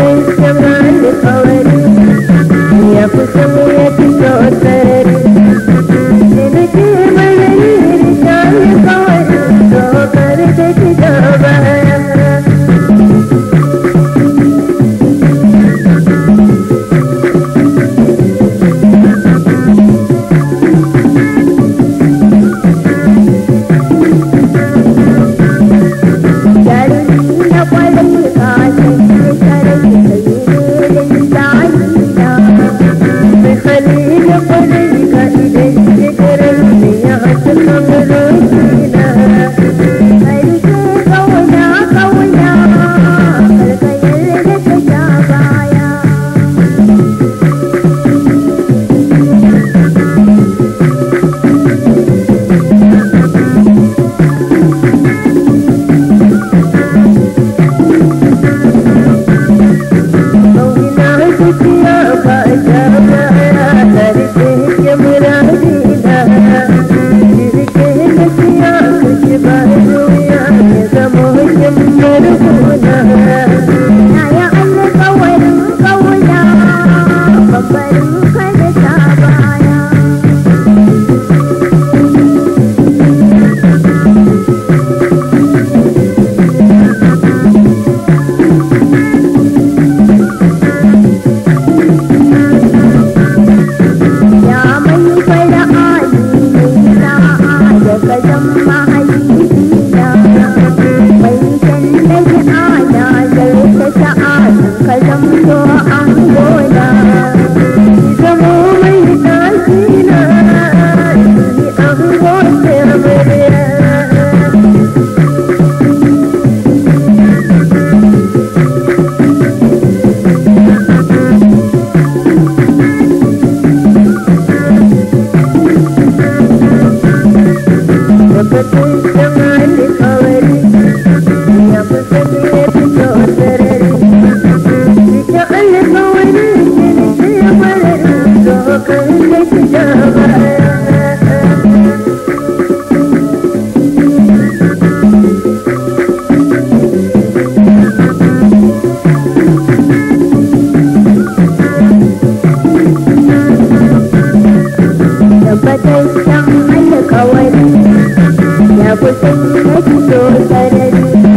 I'm right. Yeah, put some more at the together. dan Allah kawai ya kusa ka fito sarari